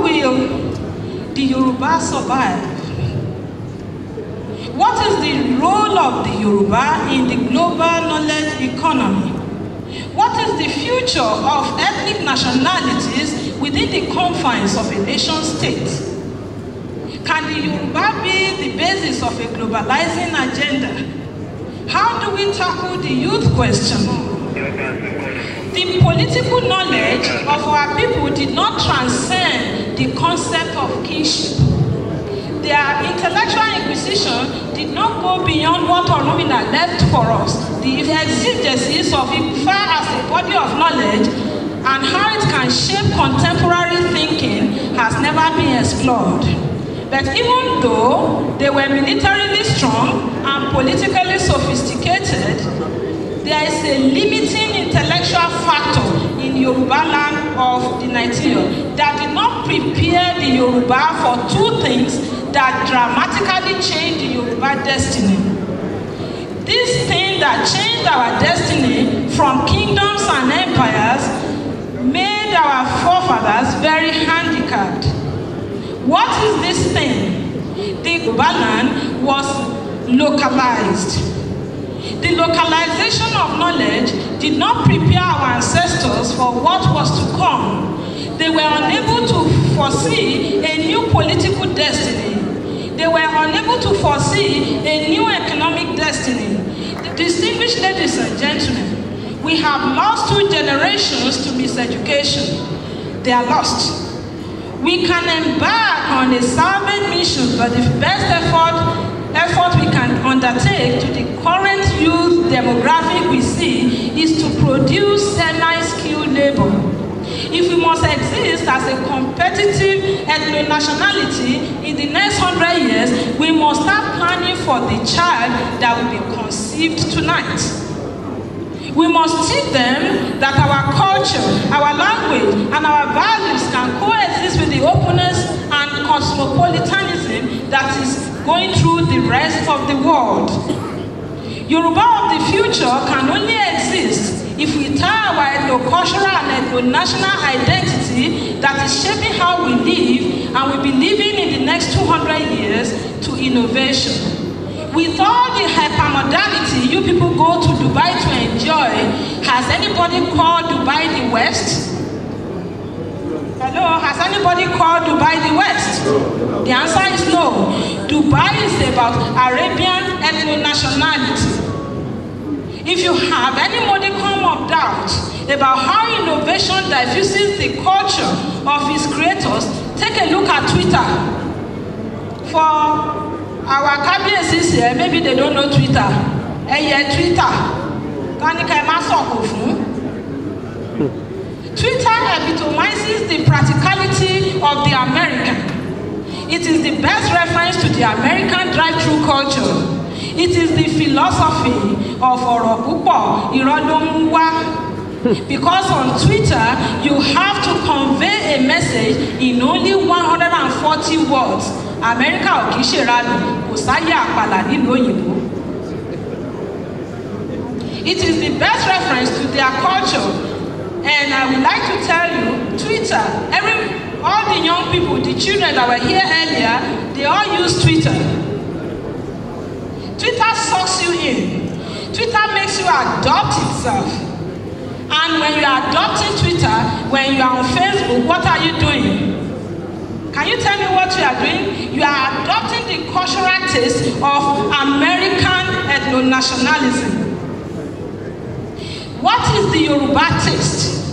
will the Yoruba survive? What is the role of the Yoruba in the global knowledge economy? What is the future of ethnic nationalities within the confines of a nation state? Can the Yoruba be the basis of a globalizing agenda? How do we tackle the youth question? The political knowledge of our people did not transcend the concept of kingship. Their intellectual inquisition did not go beyond what Olumina left for us, the exigencies of it, far as a body of knowledge and how it can shape contemporary thinking has never been explored. But even though they were militarily strong and politically sophisticated, there is a limiting intellectual factor in Yoruba land of the 19th that did not pre Yoruba for two things that dramatically changed the Yoruba destiny. This thing that changed our destiny from kingdoms and empires made our forefathers very handicapped. What is this thing? The Yoruba land was localized. The localization of knowledge did not prepare our ancestors for what was to come They were unable to foresee a new political destiny. They were unable to foresee a new economic destiny. Distinguished ladies and gentlemen, we have lost two generations to miseducation. They are lost. We can embark on a salvage mission, but the best effort effort we can undertake to the current youth demographic we see is to produce semi-skilled labor. If we must exist as a competitive ethno-nationality in the next hundred years, we must start planning for the child that will be conceived tonight. We must teach them that our culture, our language, and our values can coexist with the openness and cosmopolitanism that is going through the rest of the world. Yoruba of the future can only exist If we tie our ethno-cultural and ethno-national identity that is shaping how we live and we'll be living in the next 200 years to innovation. With all the hypermodality you people go to Dubai to enjoy, has anybody called Dubai the West? Hello, has anybody called Dubai the West? The answer is no. Dubai is about Arabian ethno-nationality. If you have any modicum of doubt about how innovation diffuses the culture of its creators, take a look at Twitter. For our cabiases here, maybe they don't know Twitter. Ẹyẹ Twitter. Kanika ẹ má sọ̀kò fún. Twitter epitomizes the practicality of the American. It is the best reference to the American drive-through culture. It is the philosophy Of púpọ̀ irọ́ ló hmm. because on Twitter you have to convey a message in only one hundred and forty words America ò kì í ṣèrànù kò sáyé àpàlà nínú òyìnbó. It is the best reference to their culture and I would like to tell you Twitter every all the young people the children that were here earlier they all use Twitter. Twitter sucks you in Twitter makes you adopt itself. And when you are adopting Twitter, when you are on Facebook, what are you doing? Can you tell me what you are doing? You are adopting the cultural taste of American ethno-nationalism. What is the Yoruba taste?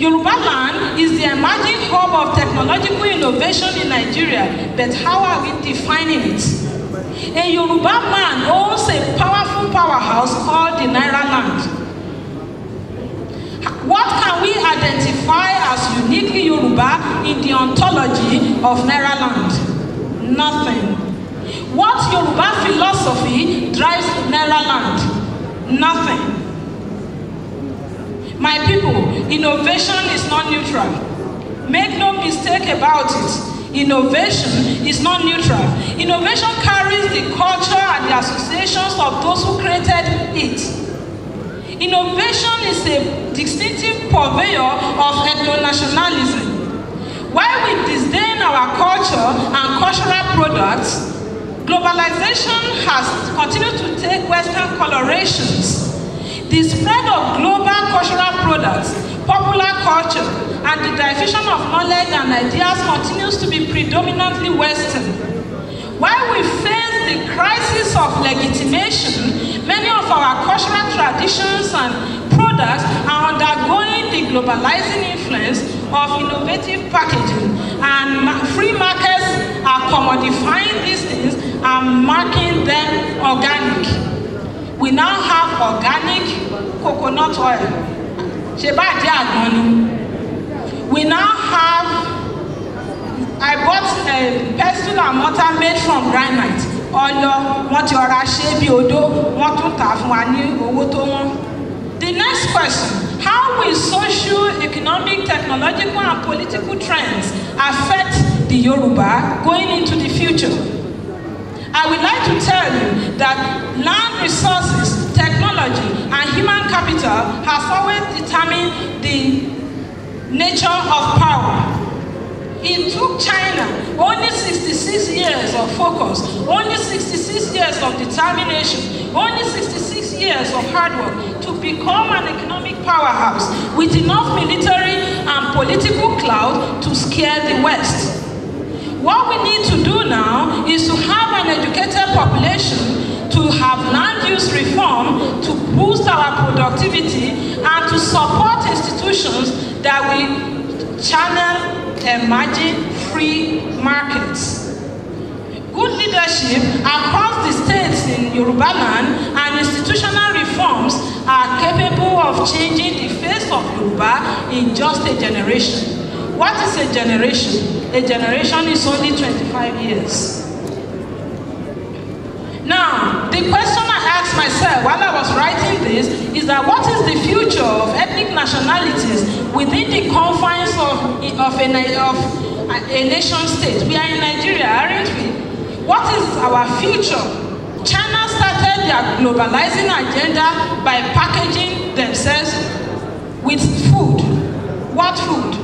Yoruba land is the emerging hub of technological innovation in Nigeria, but how are we defining it? A Yoruba man owns a powerful powerhouse called the Naira Land. What can we identify as uniquely Yoruba in the ontology of Naira Land? Nothing. What Yoruba philosophy drives Naira Land? Nothing. My people, innovation is not neutral. Make no mistake about it. Innovation is not neutral. Innovation carries the culture and the associations of those who created it. Innovation is a distinctive purveyor of ethno-nationalism. While we disdain our culture and cultural products, globalization has continued to take Western colorations. The spread of global cultural products, popular culture, and the diffusion of knowledge and ideas continues to be predominantly Western. While we face the crisis of legitimation, many of our cultural traditions and products are undergoing the globalizing influence of innovative packaging, and free markets are commodifying these things and marking them organic. We now have organic coconut oil. Sheba bá àdé we now have i bought a um, pestle and mortar made from granite ọyọ wọn ti ọra ṣe bí odó wọn tún tà fún wa ní owó tó wọn. the next question how will social, economic technological and political trends affect the yoruba going into the future. I would like to tell you that land resources, technology, and human capital have always determined the nature of power. It took China only 66 years of focus, only 66 years of determination, only 66 years of hard work to become an economic powerhouse with enough military and political clout to scare the West. What we need to do now is to have an educated population to have land use reform to boost our productivity and to support institutions that we channel emerging free markets. Good leadership across the states in Yoruba land and institutional reforms are capable of changing the face of Yoruba in just a generation. What is a generation? A generation is only 25 years. Now, the question myself while I was writing this is that what is the future of ethnic nationalities within the confines of, of, a, of a nation state? We are in Nigeria, aren't we? What is our future? China started their globalizing agenda by packaging themselves with food. What food?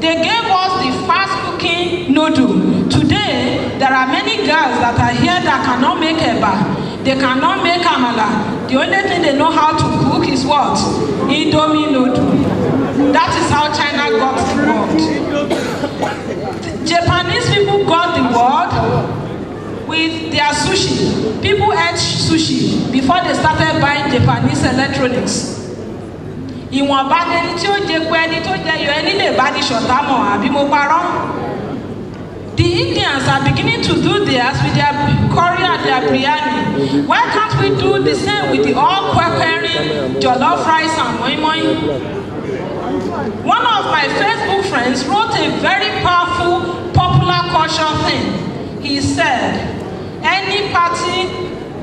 They gave us the fast cooking noodle. Today, there are many girls that are here that cannot make a eba. They cannot make amala. The only thing they know how to cook is what? Indomie noodle. That is how China got the world. Japanese people got the world with their sushi. People ate sushi before they started buying Japanese electronics. ìwọ̀nba lẹni tí ó jẹ pé ẹni tó jẹyọ ẹni lè bá ní ṣọ̀tá mọ̀ àbí mo parọ́. The Indians are beginning to do theirs with their at their biryani. Why can't we do the same with the all quackering jollof rice and moi moi? One of my Facebook friends wrote a very powerful popular culture thing. He said, any party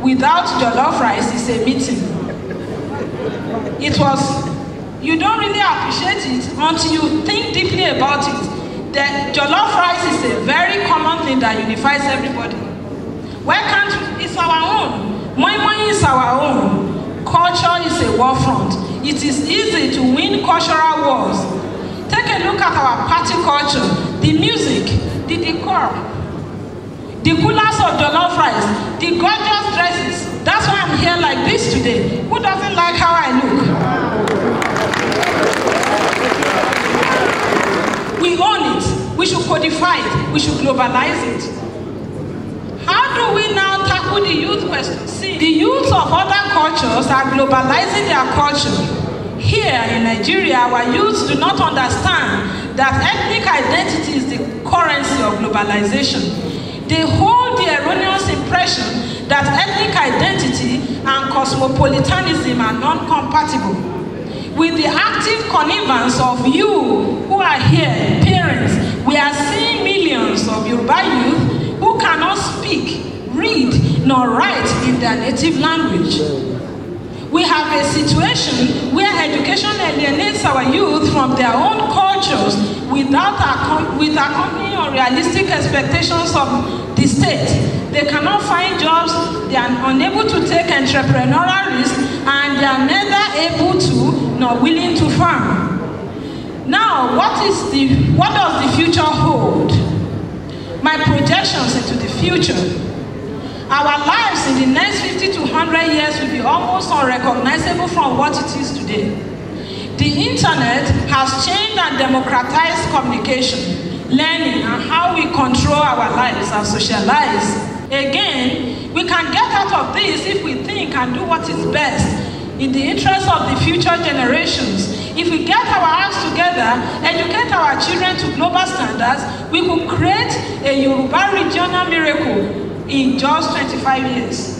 without jollof rice is a meeting. It was, you don't really appreciate it until you think deeply about it. That jollof rice is a very common thing that unifies everybody. Where country is our own, Moi Moi is our own. Culture is a war front. It is easy to win cultural wars. Take a look at our party culture, the music, the decor, the coolers of the love rice, the gorgeous dresses. That's why I'm here like this today. Who doesn't like how I look? We own it. We should codify it. We should globalize it do we now tackle the youth question? See, the youth of other cultures are globalizing their culture. Here in Nigeria, our youth do not understand that ethnic identity is the currency of globalization. They hold the erroneous impression that ethnic identity and cosmopolitanism are non-compatible with the active connivance of you who are here, parents, we are seeing millions of Yoruba youth who cannot speak, read, nor write in their native language. We have a situation where education alienates our youth from their own cultures without accom with accompanying unrealistic expectations of the state. They cannot find jobs, they are unable to take entrepreneurial risks, and they are neither able to nor willing to farm. Now, what, is the, what does the future hold? my projections into the future. Our lives in the next 50 to 100 years will be almost unrecognizable from what it is today. The internet has changed and democratized communication, learning, and how we control our lives and socialize. Again, we can get out of this if we think and do what is best in the interest of the future generations. If we get our acts together, educate children to global standards, we could create a Yoruba regional miracle in just 25 years.